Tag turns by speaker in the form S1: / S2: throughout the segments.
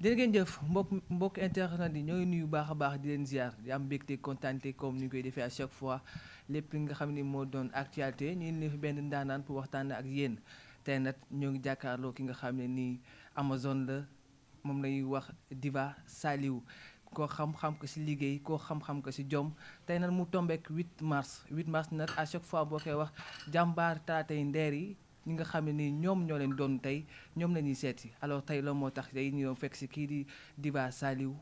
S1: jërë ngeen jëf mbokk mbokk internet yi ñooy nuyu baax a baax di leen ziar di am mbégte kontaante comme ñu koy defee à chaque fois lépp nga xam ni moo doon actualité ñu benn ndaanaan pour waxtaan ak yéen tey nag ñoo ngi jàkkaarloo ki nga xam ne nii Amazone la moom lañuy wax Diva Saliou ko xam-xam ko ci liggéey ko xam-xam ko ci jom tey nag mu tombeek 8 mars 8 mars nag à chaque fois boo koy wax jàmbaar taatay ndeer yi ñi nga xam ne nii ñoom ñoo leen doon tey ñoom la ñuy seeti alors tey la moo tax tey ñu fekk si kii di dibaa Saliou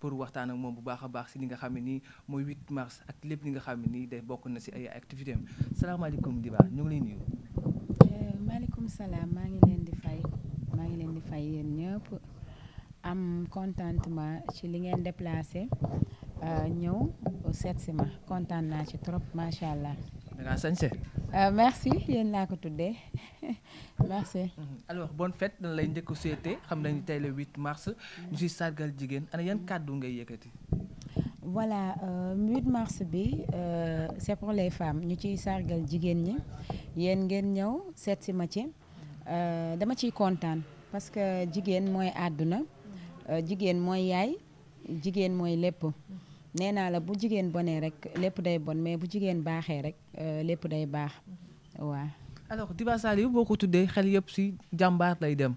S1: pour waxtaan ak moom bu baax a baax si li nga xam ne nii mooy 8 mars ak lépp li nga xam ne nii day bokk na si ay activité am salaamaaleykum Diba ñu ngi lay nuyu.
S2: Euh, salaam maa ngi leen di fay maa ngi leen di fay yéen ñëpp am contentement ci li ngeen déplacé euh, ñëw seet si ma kontaan naa ci trop macha allah. da ngaa euh, merci yéen laa ko tuddee. merci
S1: mhm. alors bonne fête dañ lay njëkk souhaité xam nañu tey le 8 mars ñu si sargal jigéen ana yan kàddu ngay yëkkati
S2: voilà 8 euh, mars bi euh, c'est pour les femmes ñu ciy sargal jigéen ñi yéen ngeen ñëw seet si ma ci euh, dama ciy kontaan parce que jigéen mooy àdduna jigéen mooy yaay jigéen mooy lépp nee naa la bu jigéen bonee rek lépp day bon mais bu jigéen baaxee rek lépp day baax waaw
S1: alors Diba Saliou boo ko tuddee xel yëpp si jàmbaar lay dem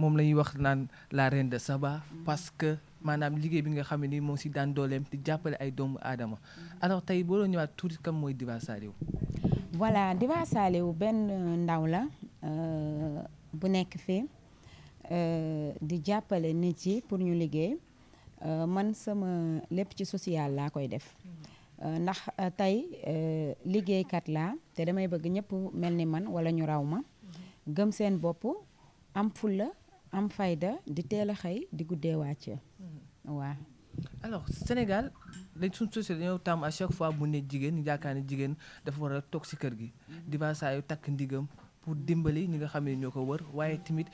S1: moom la ñuy wax naan la reine de Saba parce que maanaam liggéey bi nga xam ne nii moo si daan dooleem di jàppale ay doomu aadama alors tey boo doon ñëwaat tuuti kam mooy Diba Saliou
S2: voilà Diba Saliou benn ndaw la euh, bu nekk fi euh, di jàppale nit yi pour ñu liggéey euh, man sama lépp ci social laa koy def Euh, ndax euh, tey euh, liggéeykat laa te damay bëgg ñëpp mel ni man walla ñu raw ma gëm seen bopp am fulla am fayda di teel a xëy di guddee wàcc mm-hmm. waaw
S1: alors senegal dañ suñ société dañoo tàmm à chaque fois bu ne jigéen ñu yaakaar ne jigéen dafa war a toog si kër gi mm-hmm. di ba saa yu takk ndigam pour dimbali ñi nga xam ne ñoo ko wër waaye tamit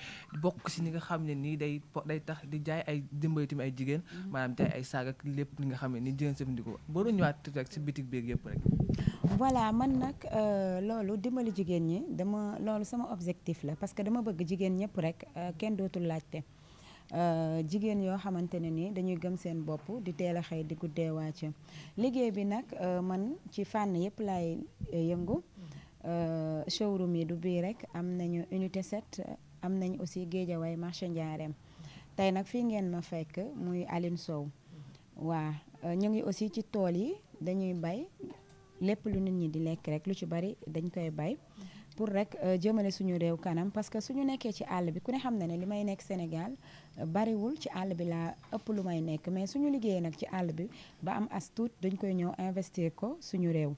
S1: bokk si ñi nga xam ne nii day day tax di jaay ay dimbali tamit ay jigéen maanaam ay saag lépp li nga xam ne nii jigéen sëfandikoo boo doon ñëwaat rek si bitig rek
S2: voilà man nag euh, loolu dimbali jigéen ñi dama loolu sama objectif la parce que dama bëgg jigéen ñëpp rek euh, kenn dootul laajte euh, jigéen yoo xamante ne ni dañuy gëm seen bopp di teel a xëy di guddee wàcc liggéey bi nag man ci fànn yëpp laay yëngu Euh, showroom yi du bii rek am nañu unité set am nañ aussi géejawaay marché Ndiarème tey nag fii ngeen ma fekk muy Aline Sow waa euh, ñu ngi aussi ci tool yi dañuy bay lépp lu nit ñi di lekk rek lu ci bari dañ koy bay pour rek euh, jëmale suñu réew kanam parce que suñu nekkee ci àll bi ku ne xam na ne li may nekk Sénégal bariwul ci àll bi laa ëpp lu may nekk mais suñu liggéeyee nag ci àll bi ba am as dañ koy ñëw investir ko suñu réew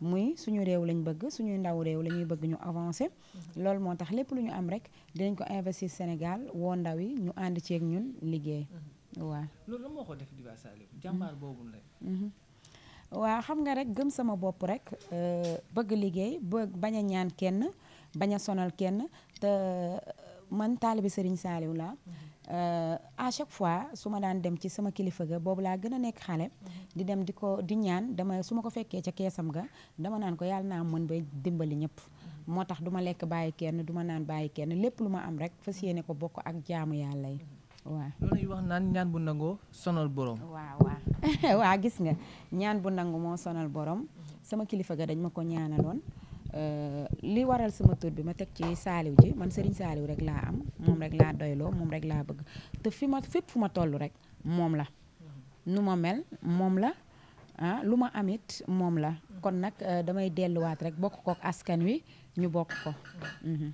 S2: muy suñu réew lañ bëgg suñuy ndaw réew la ñuy bëgg ñu avancé mm-hmm. loolu moo tax lépp lu ñu am rek dinañ ko investir Sénégal woo ndaw yi ñu ànd ceeg ñun liggéey. Mm-hmm. waaw
S1: loolu moo ko def Diva Saliou mm-hmm. boobu
S2: la. xam nga rek gëm sama bopp rek euh, bëgg liggéey bëgg bañ a ñaan kenn bañ a sonal kenn te euh, man taalibi Serigne saaliw laa. Euh, à chaque fois su ma daan dem ci sama kilifa ga boobu laa gën a nekk xale. Mhm. di dem di ko di ñaan dama su ma ko fekkee ca keesam ga dama naan ko yàlla naa mën ba dimbali ñëpp. Mhm. moo tax duma lekk bàyyi kenn du ma naan bàyyi kenn lépp lu ma am rek fas mhm. yéene ko bokk ak jaamu yàlla yi waaw.
S1: loolu wax naan ñaan bu nangoo sonal boroom waaw
S2: waaw gis nga ñaan bu nangu moo sonal borom. sama kilifa ga dañ ma ko ñaanaloon. Euh, li waral sama tur bi ma teg ci saaliw ji man Serigne saaliw rek laa am moom rek laa doyloo moom rek laa bëgg te fi ma fépp fu ma toll rek moom la mhm. nu ma mel moom la ah lu ma amit moom la mhm. kon nag euh, damay delluwaat rek bokk kook askan wi ñu bokk ko
S1: mhm.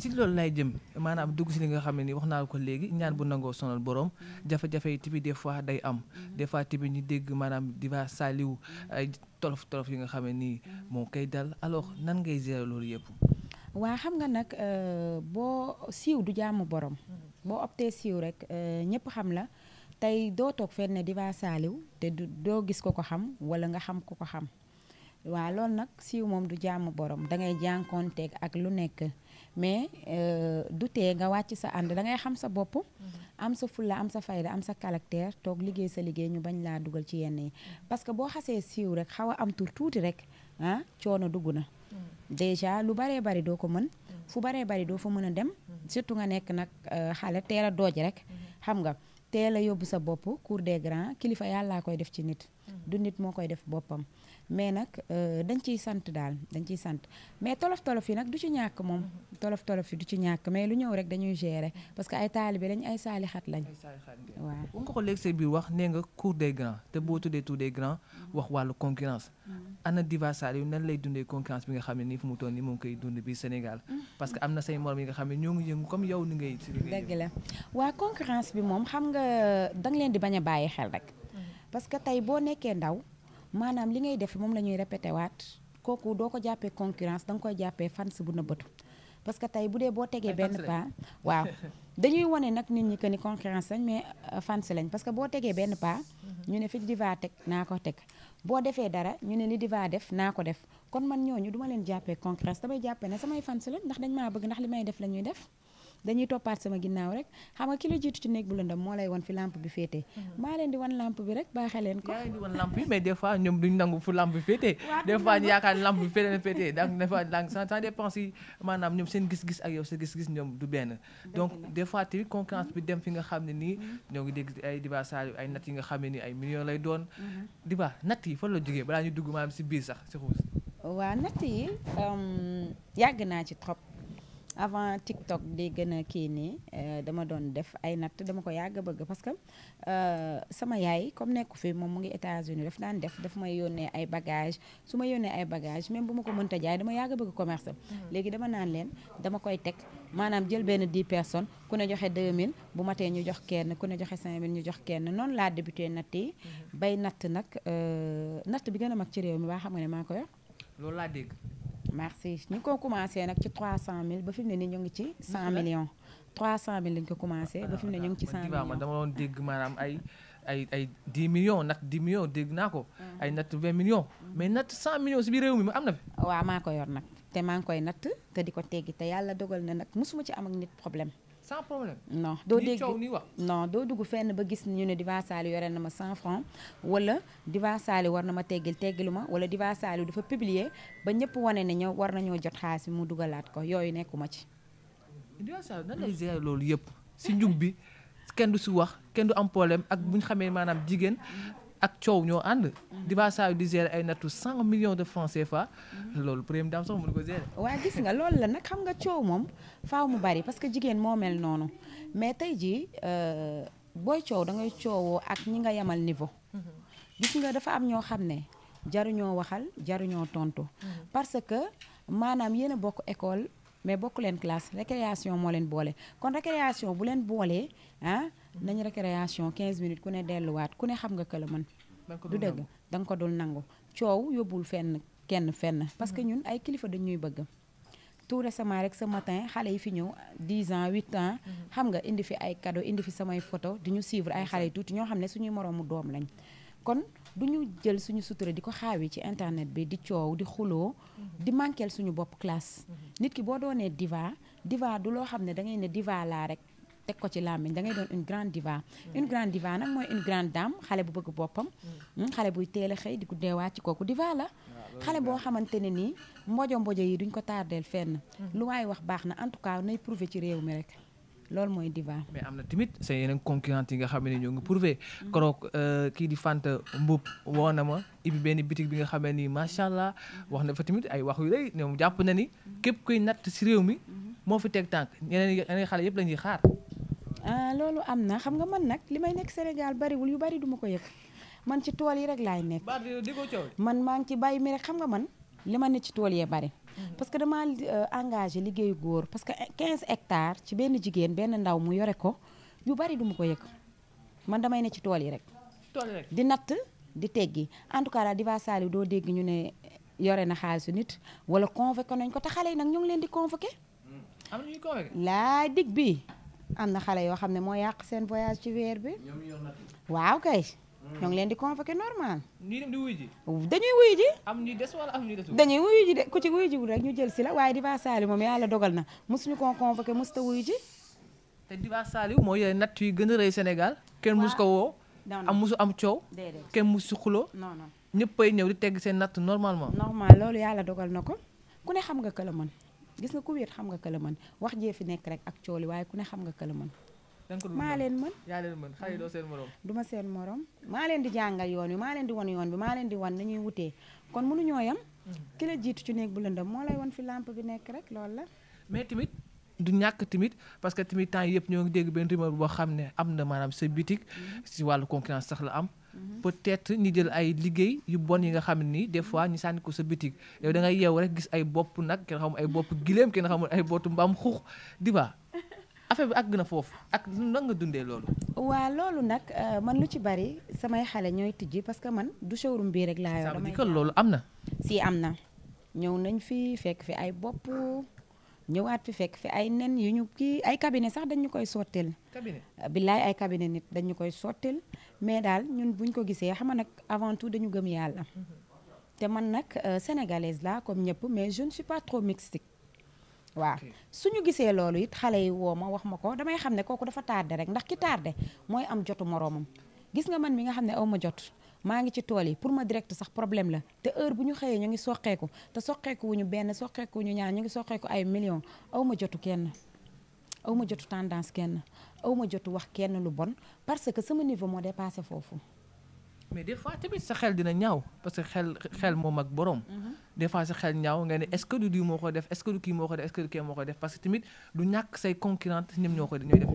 S1: si loolu lay jëm maanaam dugg si li nga xam ne ni wax naa ko léegi ñaan bu nangoo sonal borom jafe-jafe yi tamit des fois day am mm-hmm. des fois tamit ñu dégg maanaam diva saaliw ay tolof tolof yi nga xam ne nii mm-hmm. moo koy dal alors nan ngay gérer loolu yëpp
S2: waa xam nga nag euh, boo siiw du jàmm borom mm-hmm. boo optee siiw rek euh, ñëpp xam la tey doo toog fenn diva saaliw te doo gis ko ko xam wala nga xam ko ko xam waaw loolu nag siiw moom du jàmm borom dangay jànkoonteeg ak lu nekk mais euh, du tee nga wàcc sa ànd dangay xam sa bopp. Mhm. am sa fulla am sa fayda am sa caractère toog liggéey sa liggéey ñu bañ laa dugal ci yenn yi. Mhm. parce que boo xasee siiw rek xaw a am tur tuuti rek ah coono dugg na. Mhm. déjà lu baree bari doo ko mën. fu baree bari doo fa mën a dem. surtout nga nekk nag euh, xale teel dooj rek. xam nga teel a yóbbu sa bopp cour de grands kilifa yàllaa koy def ci nit. du nit moo koy def boppam mais nag euh, dañ ciy sant daal dañ ciy sant mais tolof tolof yi nag du ci ñàkk moom tolof tolof yi du ci ñàkk mais lu ñëw rek dañuy gérer parce que ay bi lañ ay saalixat lañ waaw bu
S1: nga ko léegi say biir wax nee nga cour de grands te boo tuddee tour de grands mm-hmm. wax wàllu concurrence mm-hmm. ana Diva Saliou nan lay dundee concurrence bi nga xam ne nii fi mu toll nii moom koy dund biir Sénégal mm-hmm. parce que am na say morom yi nga xam ne ñoo ngi yëngu comme yow ni ngay dëgg la
S2: waaw concurrence bi moom xam nga danga leen di bañ a bàyyi xel rek parce que tey boo nekkee ndaw maanaam li ngay def moom la ñuy répété waat kooku doo ko jàppee concurrence da nga koy jàppee fans bu nëbbatu parce que tey bu dee boo tegee benn pas waaw dañuy wane nag nit ñi que ni concurrence lañ mais euh, fans lañ parce que boo tegee benn pas mhm. ñu ne fi diva teg naa ko teg boo defee dara ñu ne li divaa def naa ko def kon man ñooñu duma leen jàppee concurrence damay jàppee na samay fans lañ ndax dañ maa bëgg ndax li may def la ñuy def dañuy toppaat sama ginnaaw rek xam nga ki la jiitu ci néeg bu lëndam moo lay wan fi lampe bi féetee mhm. maa leen di wan lampe bi rek baaxee ko yaa leen di wan lampe bi
S1: mais des fois ñoom duñ nangu fu lampe bi féetee des fois ñu yaakaar lampe bi féetee na féetee donc des fois donc bi dem fi nga xam ne nii mhm. ñoo dégg ay diba saal ay nat yi nga xam ne nii ay millions lay doon mhm. diba nat yi fan la jógee balaa ñu dugg maanaam si biir sax si xuus
S2: waaw avant TikTok di gën a kii nii euh, dama doon def ay natt dama ko yàgg bëgg parce que euh, sama yaay comme nekku fii moom mu ngi États-Unis daf daan def daf may yónnee ay bagage su ma yónnee ay bagage même bu ma ko mënta jaay dama yàgg bëgg commerce mm-hmm. léegi dama naan leen dama koy teg maanaam jël benn 10 personnes ku ne joxe 2000 bu matee ñu jox kenn ku ne joxe mille ñu jox kenn noonu laa débuté natt yi mm-hmm. bay natt nag euh, natt bi gën a mag ci réew mi waa xam nga ne maa ko yor loolu laa dégg merci ñu ngi ko commencé nag ci cent mill ba fi mu ne nii ñu ngi ci 100 millions. 300000 cent ko commencé ba fi mu ne ñu ngi ci 100 ah, millions
S1: man dama doon dégg maanaam ay ay ay 10 millions nag 10 dégg naa ko. Mm. ay nat 20 millions. Mm. mais natt cent millions si biir réew mi ma am na fi.
S2: waaw maa ko yor nag te maa ngi koy nat te di ko teggi te yàlla dogal na nag mosuma ci am ak nit problème. sans problème non doo dégg no doo dugg fenn ba gis ñu ne Diva Saliou yoreel na ma 100 francs wala Diva Saliou war na ma teggil teggilu ma wala Diva Saliou dafa publier ba ñëpp wane ne ñoo war nañoo jot xaalis bi mu dugalaat ko yooyu nekkuma ci.
S1: Diva Saliou nan lay gérer loolu yëpp si njug bi kenn du si wax kenn du am problème ak bu xamee maanaam jigéen. ak coow ñoo ànd. Diba Saw di gérer ay nattu cent millions de francs fa loolu première dame sax mënu ko gérer.
S2: waa gis nga loolu la nag xam nga coow moom faaw mu bari parce que jigéen moo mel noonu mais tey jii euh, booy coow da ngay coowoo ak ñi nga yamal niveau. gis nga dafa am ñoo xam ne jaruñoo waxal jaruñoo tontu. parce que maanaam yéen a bokk école mais bokk leen classe récréation moo leen boole kon récréation bu leen boole ah. nañ récréation 15 minutes ku ne delluwaat ku ne xam nga këla mën du dëgg danga ko dul nangu coow yóbbul fenn kenn fenn parce que ñun ay kilifa dañuy bëgg tout récemment rek ce xale yi fi ñëw 10 ans 8 ans mhm. xam nga indi fi ay cadeau indi fi samay photo di ñu suivre ay xale yu tuuti ñoo xam ne suñuy moroomu doom lañ kon du ñu jël suñu sutura di ko xaawi ci internet bi di coow di xuloo mhm. di manqueel suñu bopp classe mhm. nit ki boo doonee diva diva du loo xam ne da ngay ne diva laa rek teg ko ci làmmiñ da ngay doon une grande diva une grande diva nag mooy une grande dame xale bu bëgg boppam mm. Mm, xale buy teel xëy di guddee wàcc ci kooku diva la xale boo xamante ne nii mbojo mbojo yi duñ ko tardeel fenn mm. lu waaye wax baax na en tout cas nay prouver ci réew mi rek loolu mooy diva mais
S1: am na tamit sa yeneen concurrente yi nga xam ne ñoo ngi prouvé koroog euh, kii di Fanta Mbuub woo na ma ibi benn bitig bi nga xamee ni macha allah wax na fa tamit ay wax yu rëy jàpp na ni képp kuy natt si réew mi moo fi teg tànk ñeneen ñeneen xale yëpp la ñuy xaar
S2: ah loolu am na xam nga man nag li may nekk Sénégal bariwul yu bari duma ko yëg man ci tool yi rek laay nekk. man maa ngi ci bàyyi mi rek xam nga man li ma ne ci tool yee bari. Mhm. parce que damaa euh, engagé liggéeyu góor parce que 15 hectares ci benn jigéen benn ndaw mu yore ko yu bari duma ko yëg man damay ne ci tool yi rek. tool rek di natt di teggi en tout cas daal Diva Saliou doo dégg ñu ne yore na xaalisu nit wala convoqué nañ ko te xale yi nag ñu leen di convoqué. Mm. am na bi. am na xale yoo xam ne moo yàq seen voyage ci weer bi. waaw kay. Mm. ñoo ngi leen di convoqué normal.
S1: ñii dem di wuyu ji. dañuy wuyu ji. am ñuy des wala am ñuy dañuy wuyu
S2: ji de ku ci wuyu ji wul rek ñu jël si la waaye Diva Saliou moom yàlla dogal na mosuñu koo convoqué mosut a wuyu ji. te Diva Saliou moo
S1: yore euh, natt yu gën a rëy Sénégal. kenn mosu ko woo. am mosu am coow. déedéet kenn mosu xuloo. non non ñëppay ñëw di tegg seen natt normalement. normal loolu
S2: yàlla dogal na ko ku ne xam nga ka la mën gis nga ku wéet xam nga këla wax jee fi nekk rek ak cooli waaye ku ne xam nga këla mën maa leen mën yaa
S1: leen mën xale doo seen morom
S2: du ma seen morom maa leen di jàngal yoon wi maa leen di wan yoon bi maa leen di wan nañuy wutee kon munuñoo yam ki la jiitu ci néeg bu lëndëm moo lay wan fi lampe bi nekk rek lool la
S1: mais tamit du ñàkk tamit parce que tamit temps yëpp ñoo ngi dégg benn rumeur boo xam ne am na maanaam sa bitik mm-hmm. si wàllu concurrence sax la am Mhm. peut-être ñu jël ay liggéey yu bon yi nga xam ne nii des fois ñu sànni ko sa bitig yow da ngay yeew rek gis ay bopp nag kenn xamul ay bopp gileem kenn xamul ay bootu mbaam xuux di ba affaire bi àgg na foofu ak nag nga dundee loolu.
S2: waa loolu nag euh, man lu ci bari samay xale ñooy tijji parce que man du showroom bii rek laa yor. damay loolu am na. si am na ñëw nañ fi fekk fi ay bopp. ñëwaat fi fekk fi ay nen yu ñu kii ay cabinet sax dañu koy sottil cabinet billaay nit dañu koy sottil mais daal ñun buñ ko gisee xam nga nag avant tout dañu gëm yàlla te man nag euh, sénégalaise laa comme ñëpp mais je ne suis pas trop mystique waaw suñu gisee loolu it xale yi woo ma wax ma ko damay xam ne kooku dafa tardé rek ndax ki tardé mooy am jotu moroomam gis nga man mi nga xam ne aw ma jot maa ngi ci tool yi pour ma direct sax problème la te heure bu ñu xëyee ñu ngi soqeeku te soqeeku ñu benn soqeeku ñu ñaar ñu ngi soqeeku ay millions aw ma jotu kenn aw ma jotu tendance kenn aw ma jotu wax kenn lu bon parce que sama niveau moo dépassé foofu.
S1: mais des fois tamit sa xel dina ñaaw parce que xel xel moom ak borom. Mhm. des fois sa xel ñaaw nga ne est-ce que du moo ko def est-ce que du kii moo ko def est-ce que du kii moo ko def parce que tamit du ñàkk say concurrente ñoom ñoo ko def mel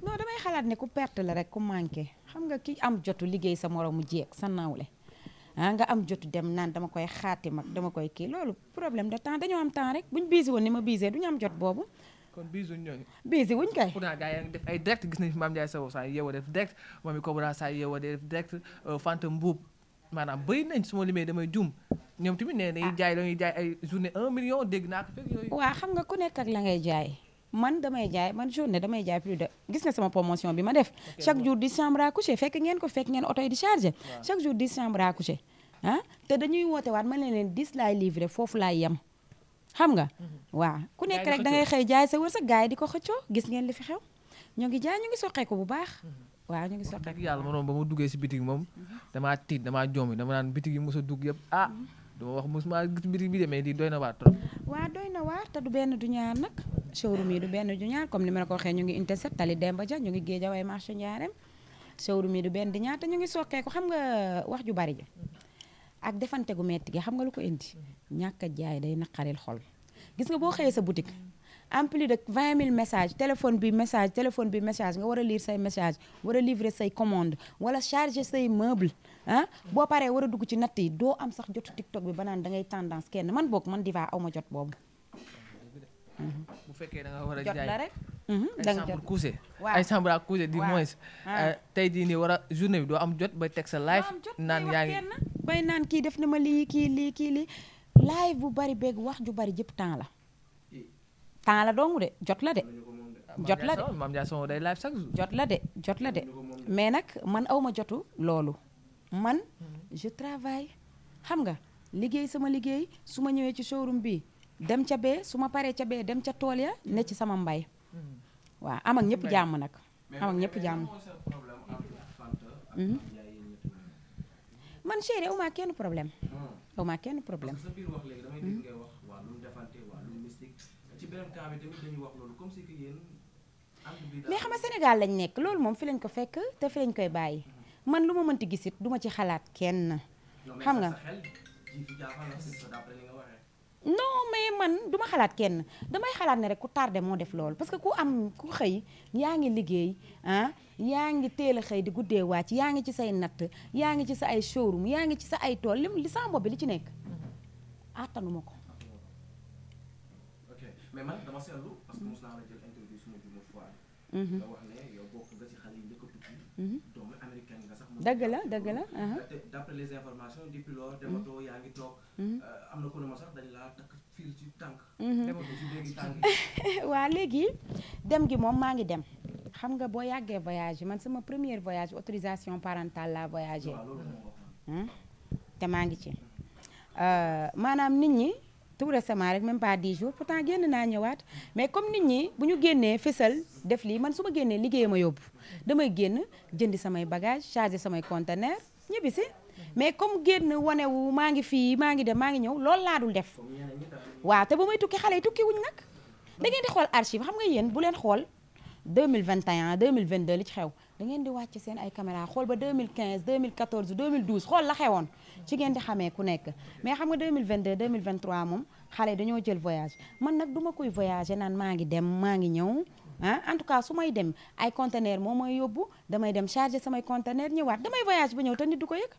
S2: damay xalaat ne ku perte la rek ku manqué xam nga ki am jotu liggéey sa moromu jéeg sa nawle ah nga am jotu dem naan dama koy xaati mag dama koy kii loolu problème de temps dañoo am temps rek buñ biisi woon ni ma biisee duñu am jot boobu.
S1: kon bisu ñooñu. bisu wuñ kay. pourtant gars yi def ay direct gis nañu fi Mame Ndiaye Savon saa yeewa def direct Mamy Cobra saa yeewa def euh, maanaam bëri nañ su ma limee
S2: damay jum ñoom tamit nee nañu ah. jaay dañuy jaay ay journée 1 million dégg naa ko fekk yooyu. waaw xam nga ku nekk ak ngay jaay. man damay jaay man journée damay jaay plus de gis nga sama promotion bi ma def chaque jour 10 chambres à fekk ngeen ko fekk ngeen oto yi di chargé chaque jour 10 chambres à coucher ah te dañuy woote waat ma ne leen 10 laay livré foofu laay yem xam nga mhm. waaw ku nekk rek da ngay xëy jaay sa wërsëg gars yi di ko xëccoo gis ngeen li fi xew ñoo ngi jaay ñu ngi soqeeku bu baax mhm. waaw ñu ngi
S1: soqeeku yàlla ma ba mu duggee si bitig moom mhm. damaa tiit damaa joomi dama daan bitig yi mu a dugg yëpp ah duma wax mos maa gis bitig bi demee di doy na waar
S2: doy na waar te du benn du ñaar nag showroom yi du benn du ñaar comme ni ma la ko waxee ñu ngi inteset tali Demba Dia ñu ngi Guédiawaye marché Ndiarème showroom yi du benn di ñaar ñu ngi soqeeku xam nga wax ju bari ja ak defante gu metti gi xam nga lu ko indi ñàkk jaay day naqaril xol gis nga boo xëyee sa boutique en plus de vingt mille message téléphone bi message téléphone bi message nga war a liir say message war a livrer say commande wala charger say meuble ah boo paree war a dugg ci natt yi doo am sax jotu TikTok bi ba naan da ngay tendance kenn man boog man Diva aw ma jot boobu
S1: Mm-hmm. bu fekkee da nga war a jaay jot la rek.
S2: Mm-hmm. da nga jot ay chambre couché. waaw ay chambre
S1: à couché du moins. Ah. Euh, a journée bi doo am jot bay teg sa live. naan yaa ngi
S2: bay naan kii def na ma lii kii lii kii lii. live bu bari beeg wax ju bari jëpp temps la. temps la doomu de jot la de. jot la de
S1: maam de
S2: la de mais nag man aw ma jotu loolu. man mm-hmm. je travaille xam nga liggéey sama liggéey su ma ñëwee ci showroom bi dem ca bee su ma paree ca bee dem ca tool ya ne ci sama mbay waaw am ak ñëpp jàmm nag am ak ñëpp jàmm mhm. man chéri aw kenn problème hmm. aw kenn problème
S3: hmm. mais xam
S2: nga lañ nekk loolu moom fi lañ ko fekk te fi lañ koy bàyyi hmm. man lu ma mënti gisit duma ci xalaat kenn xam nga non mais man duma xalaat kenn damay xalaat ne rek ku tardé moo def loolu parce que ku am ku xëy yaa ngi liggéey ah, yaa ngi teel a xëy di guddee wàcc yaa ngi ci say natt yaa ngi ci sa ay showroom yaa ngi ci sa ay tool lim li sa bi li ci nekk attanuma ko.
S3: dëgg la dëgg la. Euh, uh-huh. d'après les hmm. hmm. euh, hmm.
S2: waa léegi dem gi moom maa ngi dem xam nga boo yàggee voyage man sama première voyage autorisation parentale la voyagé. te maa ngi ci euh, maanaam nit ñi. tout récemment rek même pas di jours pourtant génn naa ñëwaat mais comme nit ñi bu ñu génnee fësal def lii man su ma génnee liggéey a yóbbu damay génn jëndi samay bagage chargé samay conteneur ñibbi si mais comme génn wanewu maa ngi fii maa ngi dem maa ngi ñëw loolu laa dul def waaw te bu may tukki xale yi tukki wuñ nag da ngeen di xool archive xam nga yéen bu leen xool 2021 2022 li ci xew dangeen di wàcc seen ay caméra xool ba 2015 2014 2012 xool la xewoon ci ngeen di xamee ku nekk mais xam nga 2022 2023 moom xale dañoo jël voyage man nag duma koy voyager naan maa ngi dem maa ngi ñëw ah en tout cas su may dem ay conteneur moom may yóbbu damay dem charger samay conteneur ñëwaat damay voyage ba ñëw ta nit du ko yëg.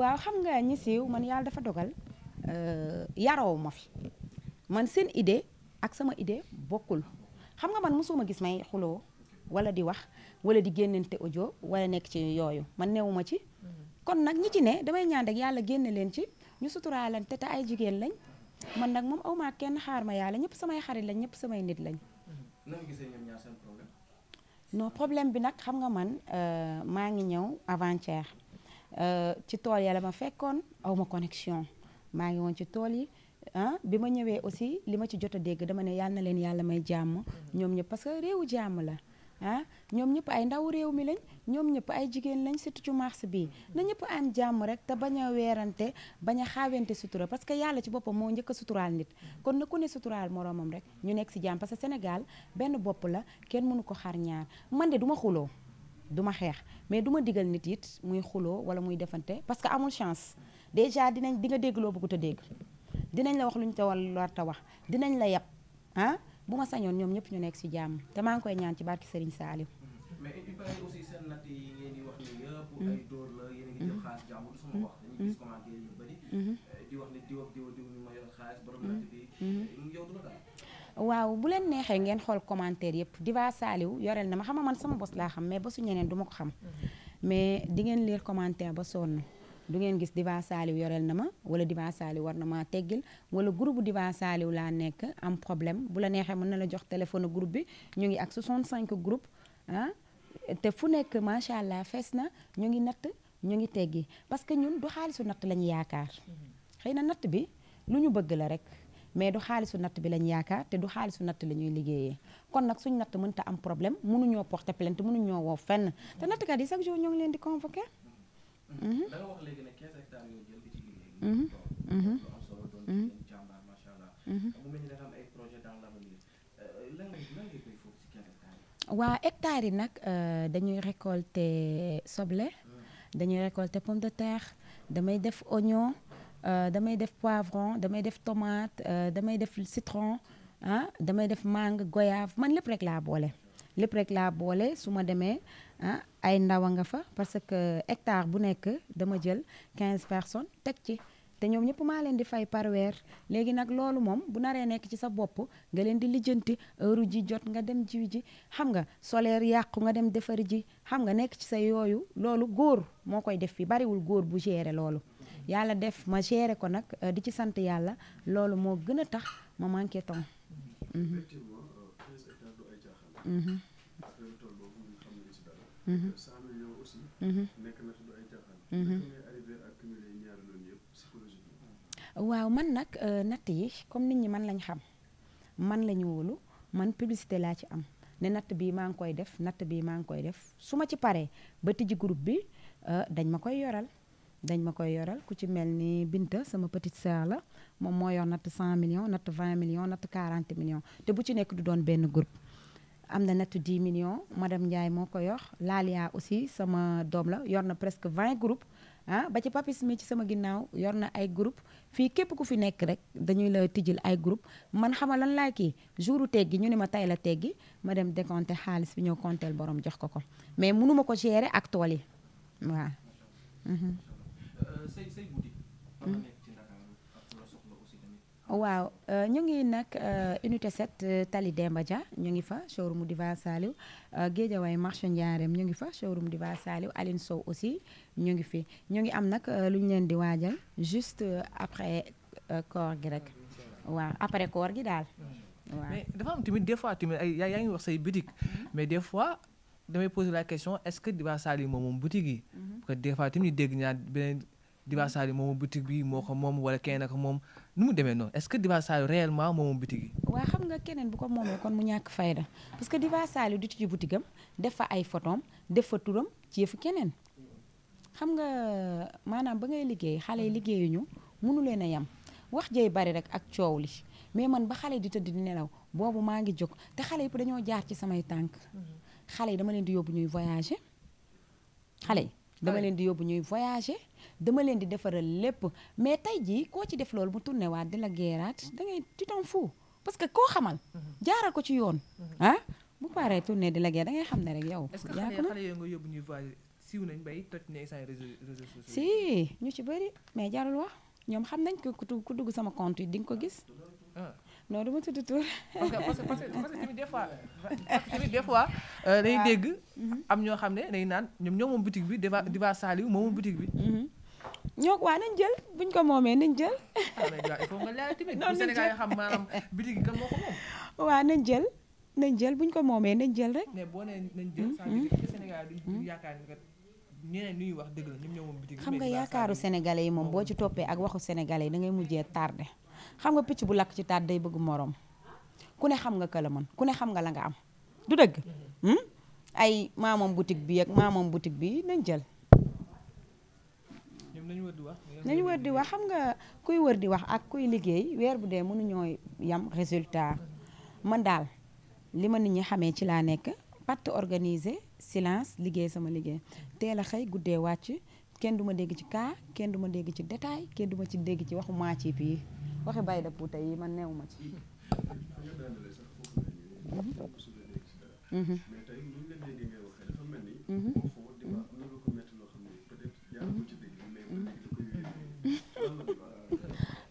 S2: waaw xam nga ñi siiw man yàlla dafa dogal euh, yaroo ma fi man seen idée ak sama idée bokkul xam nga man mosuma gis may xuloo wala di wax wala di génnante audio wala nekk ci yooyu man newuma ci kon nag ñi ci ne damay ñaan rek yàlla génne leen ci ñu suturaalante te te ay jigéen lañ man nag moom aw maa kenn xaar ma yàlla ñëpp samay xarit lañ ñëpp samay nit lañ. nan problème. bi nag xam nga man euh, maa ngi ñëw avant-hier Euh, ci tool ya la ma fekkoon aw ma connexion maa ngi woon ci tool yi ah bi ma ñëwee aussi li ma ci jot a dégg dama ne yàlla leen yàlla may jàmm mm-hmm. ñoom ñëpp parce que réewu jàmm la ah ñoom ñëpp ay ndaw réew mi lañ ñoom ñëpp ay jigéen lañ surtout ci mars bii mm-hmm. na ñëpp am jàmm rek te bañ a weerante bañ a xaawente sutura parce que yàlla ci boppam moo njëkk a suturaal nit mm-hmm. kon na ku ne suturaal moroomam rek ñu nekk si jàmm parce que Sénégal benn bopp la kenn mënu ko xar ñaar man de duma xuloo du ma xeex mais du ma digal nit it muy xuloo wala muy defante parce que amul chance déjà dinañ di nga dégg loo bëggut a dégg dinañ la wax luñ te wala war ta wax dinañ la yab ah bu ma sañoon ñoom ñëpp ñu nekk ci jàmm te maa ngi koy ñaan ci barki Serigne sa mais
S3: hmm. a
S2: waaw bu leen neexee ngeen xool commentaire yëpp Diva saaliw yoreel na ma xam man sama bos laa xam mais bosu ñeneen du ma ko xam. Mm-hmm. mais di ngeen leer commentaire ba sonn. du ngeen gis Diva saaliw yoreel na ma wala Diva Saliou war na maa teggil wala groupe bu Diva Saliou laa nekk am problème bu la neexee mën na la jox téléphone groupe bi ñu ngi ak 65 groupe ah te fu nekk macha allah fees na ñu ngi natt ñu ngi teggi parce que ñun du xaalisu natt la yaakaar mm-hmm. xëy na natt bi lu ñu bëgg la rek. mais du xaalisu natt bi lañ yaakaar te du xaalisu natt lañuy ñuy liggéeyee kon nag suñ natt mënta am problème mënuñoo porter plainte mënuñoo woo fenn te nattkat yi chaque jour ñoo ngi mhm. wax hectares yi. waa hectares nag euh, dañuy récolte soble. Hmm. dañuy récolter pomme de terre damay def oignon. Euh, damay def poivron damay def tomate euh, damay def citron ah damay def màng goyave man lépp rek laa boole lépp rek laa boole su ma demee ah ay ndaw a nga fa parce que hectare bu nekk dama jël quinze personnes teg ci te ñoom ñëpp maa leen di fay par weer léegi nag loolu moom bu naree nekk ci sa bopp nga leen di lijjanti heure ji jot nga dem jiw ji xam nga solaire yàqu nga dem defar ji xam nga nekk ci sa yooyu loolu góor moo koy def fii bariwul góor bu gérer loolu yàlla def ma gérer ko nag euh, di ci sant yàlla loolu moo gën a tax ma manqué temps.
S3: effectivement mhm. euh, mhm. mhm.
S2: waaw man nag euh, natt yi comme nit ñi man lañ xam man lañu wóolu man publicité laa ci am. ne natt bii maa ngi koy def natt bii maa ngi koy def su ma ci paree ba tijji groupe bi dañ ma koy yoral dañ ma koy yoral ku ci mel ni Binta sama petite sœur la moom moo yor natt 100 million natt 20 millions natt 40 millions te bu ci nekk du doon benn groupe. am na natt 10 millions dem Ndiaye moo ko yor Laalia aussi sama doom la yor na presque 20 groupes ah ba ci papisme ci sama ginnaaw yor na ay groupe fii képp ku fi nekk rek dañuy la tijjil ay groupe man xama lan laa kii jouru teggi ñu ne ma tay la teggi ma dem décompté xaalis bi ñoo compteel boroom jox ko ko mais mënuma ko gérer ak tool yi waaw euh, ñu ngi nag euh, unité set euh, Tali Demba Dia ñu ngi fa showroom Diva Saliou Guédiawaye marché Ndiarème ñu ngi fa showroom mu Saliou Aline Sow aussi ñu ngi fi ñu ngi am nag lu ñu leen di waajal juste après koor gi rek waaw après koor gi daal mm-hmm.
S1: waaw mais dafa am tamit des fois tamit ay yaa ngi wax say boutique mm-hmm. mais des damay poser la question est-ce que Diva moom moom boutique yi mm-hmm. parce que dégg ñaar beneen Diba Sadio moomu boutique bi moo ko moom wala keneen ak moom nu mu demee noonu est-ce que Diba Sadio réellement moomu boutique yi.
S2: waaw xam nga keneen bu ko moomee kon mu ñàkk fayda parce que Diba Sadio di tijji boutique am def fa ay photom def fa turam ci yëfu keneen xam nga maanaam ba ngay liggéey xale yi liggéeyuñu munu leen a yem wax jëy bari rek ak coow li mais man ba xale di tëdd di nelaw boobu maa ngi jóg te xale yëpp dañoo jaar ci samay tànk mm-hmm. xale dama leen di yóbbu ñuy voyager xale yi dama leen di yóbbu ñuy voyager dama leen di defaral lépp mais tey jii koo ci def loolu mu tourné waat di la geeraat mm-hmm. da ngay tu t'en fous parce que koo xamal mm-hmm. jaaral ko ci yoon mm-hmm. ah bu paree tourné di la geer da xam ne rek yow yaa ko xale
S1: yooyu nga yóbbu ñuy voyager siiw nañ bay toj ne si
S2: ñu ci bëri mais jarul wax ñoom xam nañ ko ku dugg sama compte yi di nga ko gis ah. non du ma tudd tur. parce que parce fois euh, day dégg. Mhm. am ñoo
S1: xam ne day naan ñoom ñoo moom boutique bi Diva Diva Saliou moomu boutique bi. Mhm. ñoo waa nañ jël
S2: buñ ko moomee nañ jël. Ah,
S1: non Sénégal yoo xam maanaam boutique bi
S2: waa nañ jël nañ jël buñ ko moomee nañ jël rek. mais boo nee nañ jël. Mhm,
S1: Sénégal duñ yaakaar ni ñeneen ñuy wax dëgg la ñoom ñoo moom xam nga yaakaaru
S2: sénégalais yi moom boo ci toppee ak waxu sénégalais yi da ngay mujjee tardé. xam nga picc bu lakk ci taat day bëgg moroom ku ne xam nga ka mën ku ne xam nga la nga am du dëgg hmm? ay maamoom boutique bi ak maamoom boutique bi nañ jël
S1: nañu wër di wax nañu wër
S2: di wax xam nga kuy wër di wax ak kuy liggéey weer bu dee mënuñoo yam résultat man daal li ma nit ñi xamee ci laa nekk patt organiser silence liggéey sama liggéey teel a xëy guddee wàcc kenn du ma dégg ci cas kenn du ma dégg ci détail kenn duma ci dégg ci waxu maacib yi waxi bàyyi da puuta yi man neewu ma ci mhm.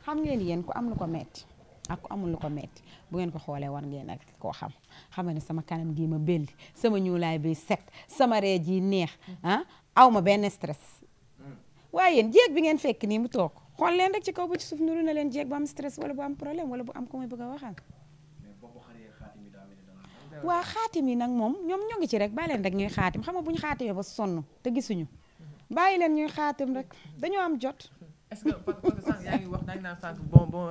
S2: xam ngeen yéen ku am lu ko metti ak ku amul lu ko metti bu ngeen ko xoolee war ngeen ak koo xam xam ne sama kanam gii ma belli sama ñuulaay bi set sama ree ji neex awma ah, aw benn stress waaye yéen jéeg bi ngeen fekk nii mu toog xool leen rek ci kaw ba ci suuf nuru na leen jéeg bu am stress wala bu am problème wala bu am ko muy bëgg a waxal waa xaatim yi nag moom ñoom ñoo ngi ci rek bàyyi leen rek ñuy xaatim xam nga bu ñu xaatimee ba sonn te gisuñu bàyyi leen ñuy xaatim rek dañoo am jot est que parce
S1: que naa ngi bon bon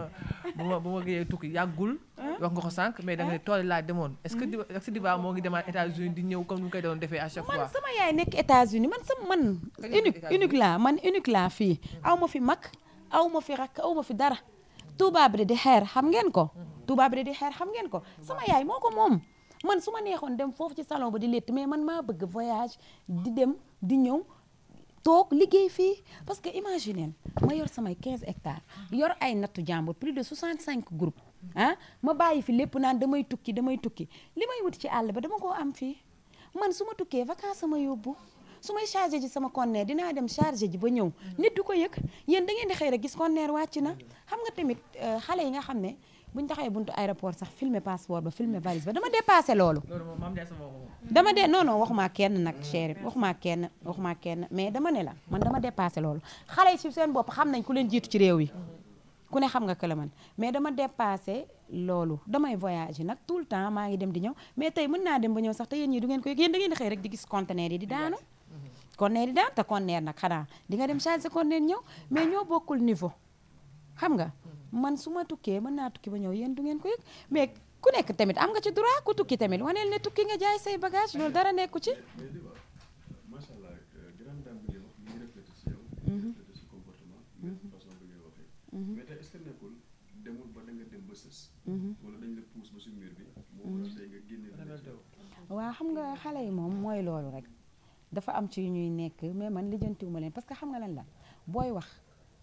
S1: bu ma bu tukki yàggul. wax ko sànq mais da nga tool laa demoon. est-ce que hmm? moo ngi demaat États-Unis di koy doon defee à man
S2: sama yaay nekk États-Unis man sama man. unique unique laa man fii. Hmm. aw ma fi mag aw ma fi rakk aw ma fi dara. Touba bi di xeer xam ngeen ko. Hmm. Touba bi di xeer xam ngeen ko. sama yaay moo ko moom. man su ma neexoon dem foofu ci salon ba di létt mais man maa bëgg voyage di dem di ñëw. toog liggéey fii parce que imagine ma yor samay quinze hectares yor ay nattu jàmbur plus de 65 groupes ah ma bàyyi fi lépp naan damay tukki damay tukki li may wuti ci àll ba dama koo am fii man su ma tukkee vacances sama yóbbu su may chargé ji sama conteneur dinaa dem chargé ji ba ñëw nit du ko yëg yéen da ngeen di xëy rek gis conteneur wàcc na xam nga tamit euh, xale yi nga xam ne buñ taxawee buntu aéroport sax filmer passeport ba filmer valise ba dama dépassé loolu dama de non wax maa kenn nag chéri wax kenn waxuma kenn mais dama ne la man dama dépassé loolu xale yi si seen bopp xam nañ ku leen jiitu ci réew yi ku ne xam nga que la man mais dama dépassé loolu damay voyage nag tout le temps maa ngi dem di ñëw mais tey mën naa dem ba ñëw sax te yéen ñi du ngeen ko yëg yéen da ngeen di xëy rek di gis conteneur di daanu conteneur yi daan te xanaa di nga dem chargé conteneur ñëw mais ñoo bokkul niveau xam nga man su ma tukkee mën naa tukki ba ñëw yéen du ngeen ko yëg mais ku nekk tamit am nga ci droit ku tukki tamit waneel ne tukki nga jaay say bagage loolu dara nekku ci waa xam nga xale yi moom mooy loolu rek dafa am ci yu ñuy nekk mais man lijjantiwuma leen parce que xam nga lan la booy wax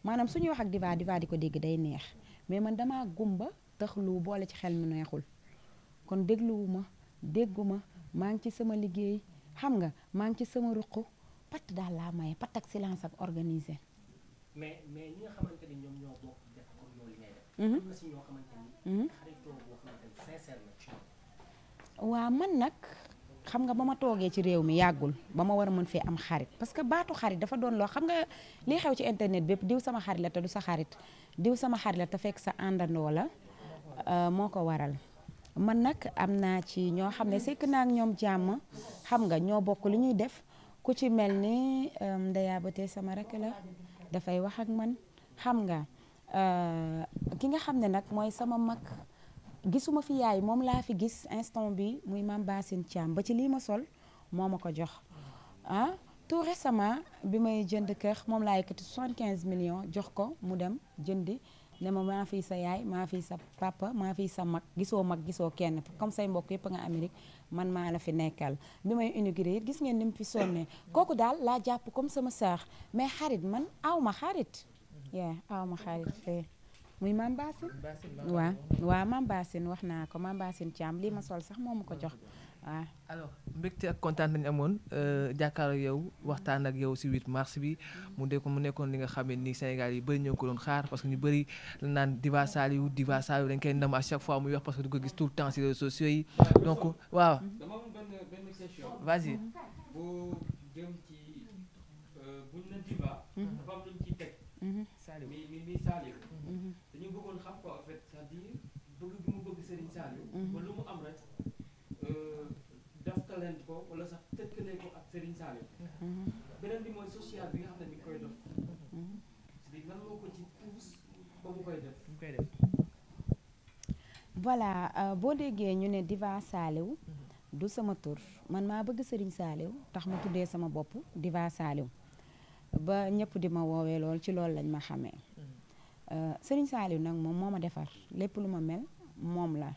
S2: maanaam suñuy wax ak diva diva di ko dégg day neex mais man damaa gumba tax lu boole ci xel mi neexul kon dégluwuma dégguma maa ngi ci sama liggéey xam nga maa ngi ci sama ruq patt daal laa maye patt ak silence ak organisé.
S3: mais mais ñi nga mhm. mhm.
S2: waaw man nag xam nga ba ma toogee ci réew mi yàggul ba ma war a mën fee am xarit parce que baatu xarit dafa doon loo xam nga li xew ci internet bépp diw sama xarit la te du sa xarit diw sama xarit la te fekk sa àndandoo la. Euh, moo ko waral man nag am naa ci ñoo xam ne sekk naa ak ñoom jàmm xam nga ñoo bokk lu ñuy def ku ci mel ni euh, Ndeya Bate sama rek la dafay wax ak man xam nga euh, ki nga xam ne nag mooy sama mag gisuma fi yaay moom laa fi gis instant bi muy maam Basine Thiam ba ci lii ma sol moo ma ko jox ah tout récemment bi may jënd kër moom laa yëkkati 75 millions jox ko mu dem jëndi ne ma maa fii sa yaay maa fii sa papa maa fii sa mag gisoo mag gisoo kenn comme say mbokk yëpp nga Amérique man maa la fi nekkal bi may inauguré gis ngeen ni mu fi sonne kooku daal laa jàpp comme sama saax mais xarit man aw ma xarit yeah aw ma xarit fee eh. muy maam Bassine waaw waaw maam Bassine wax naa ko maam Bassine Thiam lii ma sol sax moom mu ko jox waaw alors
S1: mbégte ak kontaan nañu amoon euh, jàkkaar ak yow waxtaan ak yow si 8 mars bi mu dee mu nekkoon li nga xam ne nii Sénégal yi bëri ñoo ko doon xaar parce que ñu bëri la naan Diva Saliou Diva Saliou dañ koy ndam à chaque fois muy wax parce que du ko gis tout le temps si réseaux sociaux yi donc waaw.
S3: dama
S2: voilà euh, boo déggee ñu ne Diva Saliou mhm. du sama tur man maa bëgg sëriñ saaliw tax ma tuddee sama bopp Diva saaliw ba ñëpp di ma woowee lool ci loolu lañ ma xamee mhm. euh, Serigne Saliou nag moom moo ma defar lépp lu ma mel moom la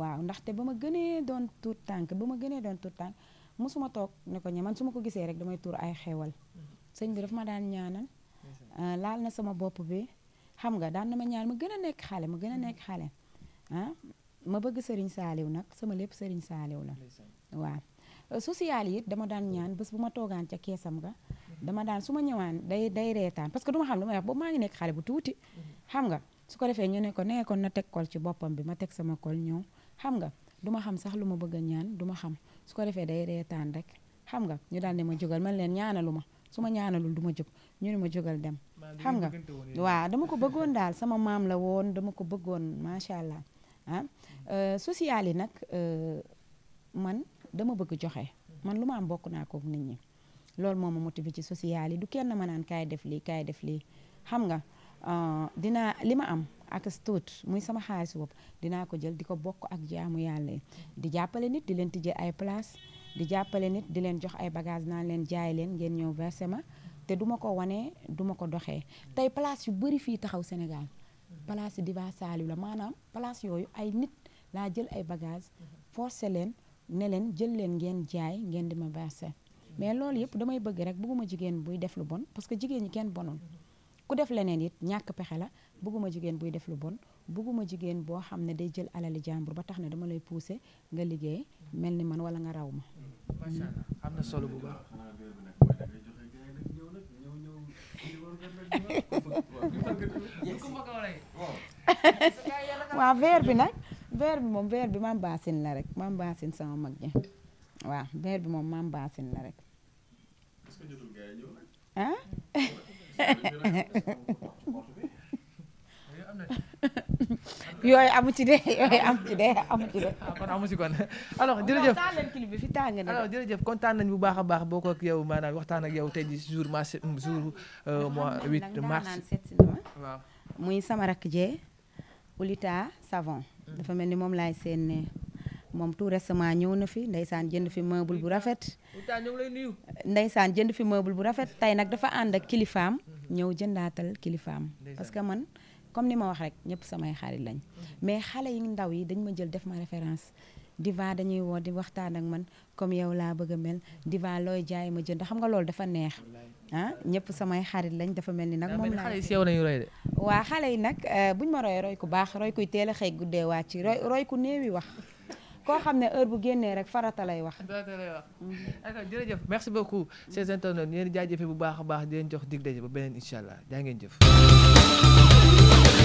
S2: waaw ndaxte ba ma gënee doon tuut tànk ba ma gënee doon tuut tànk mosuma toog ne ko ñe man su ma ko gisee rek damay tuur ay xewal mhm. sëñ bi daf ma daan ñaanal euh, laal na sama bopp bi xam nga daan na ma ñaan ma gën a nekk xale ma gën a nekk xale ah ma bëgg Serigne Saliou nag sama lépp Serigne Saliou la waaw euh, social yi it dama daan ñaan bés bu ma toogaan ca keesam ga mhm. dama daan su ma ñëwaan day day reetaan parce que du ma xam lu may wax boobu maa nekk xale bu tuuti mhm. xam nga su ko defee ñu ne ko nee na teg kol ci boppam bi ma teg sama kol ñëw xam nga du ma xam sax lu ma bëgg a ñaan du ma xam su ko defee day reetaan rek xam nga ñu daan ne ma jógal mal leen ñaanalu ma su ma ñaanalul du ma jóg ñu ne ma jógal dem xam nga waaw dama ko bëggoon daal sama maam la woon dama ko bëggoon macha allah ah euh, social yi nag euh, man dama bëgg joxe man lu ma am bokk naa ko nit ñi loolu moom ma motivé ci social yi du kenn ma naan kaay def lii kaay def lii xam nga euh, dinaa li ma am ak stuut muy sama xaalis bopp dinaa ko jël di ko bokk ak jaamu yàlla yi di jàppale nit di leen tijjee ay place di jàppale nit di leen jox ay bagage naan leen jaay leen ngeen ñëw versé ma te duma ko wane duma ko doxee tey place yu bari fii taxaw Sénégal place di Saliou la maanaam place yooyu ay nit laa jël ay bagages forcé leen ne leen jël leen ngeen jaay ngeen di ma verser mais loolu yëpp damay bëgg rek bugguma jigéen buy def lu bon parce que jigéen ñi kenn bonul ku def leneen it ñàkk pexe la bëgguma jigéen buy def lu bon bëgguma jigéen boo xam ne day jël alali jàmbur ba tax ne dama lay pousser nga liggéey mel ni man wala nga raw ma. bu waaw verre bi nag verre bi moom verre bi maam baasin la rek maam baasin sama mag ñi waaw bi moom maam baasin la rek
S3: ah
S2: yooyu amu ci de yooyu amu ci de amu
S1: ci de. Ah, kon amu ci kon alors jërëjëf alors jërëjëf kontaan nañ bu baax a baax boo ko ak yow maanaam waxtaan ak yow te ji jour mm, euh, mars jour mois 8 mars. waaw
S2: muy sama rakk jee Ulita Savon. Mm. dafa mel ni moom laay seen ne moom tout récemment ñëw na fi ndeysaan jënd fi meuble bu rafet.
S1: Ulita
S2: jënd fi meuble bu rafet tey nag dafa ànd ak kilifaam. Mm-hmm. ñëw jëndaatal kilifaam. parce que man. comme ni ma wax rek ñëpp samay xarit lañ mm-hmm. mais xale yi ndaw yi dañ ma jël def ma référence diva dañuy woo di waxtaan ak man comme yow laa bëgg a mel mm-hmm. diva looy jaay ma jënd xam nga loolu dafa neex ah ñëpp samay xarit lañ dafa mel ni nag moom laa waa xale yi nag euh, buñ ma roy roy ku baax roy kuy teel a xëy guddee wàcc ci roy roy ku néewi wax koo xam ne heure bu génnee rek farata lay wax
S1: farata lay wax mm-hmm. d'accord jërëjëf merci beaucoup ces internautes yéen jaajëfe bu baax a baax di leen jox dig daje ba beneen incha allah jaa ngeen jëf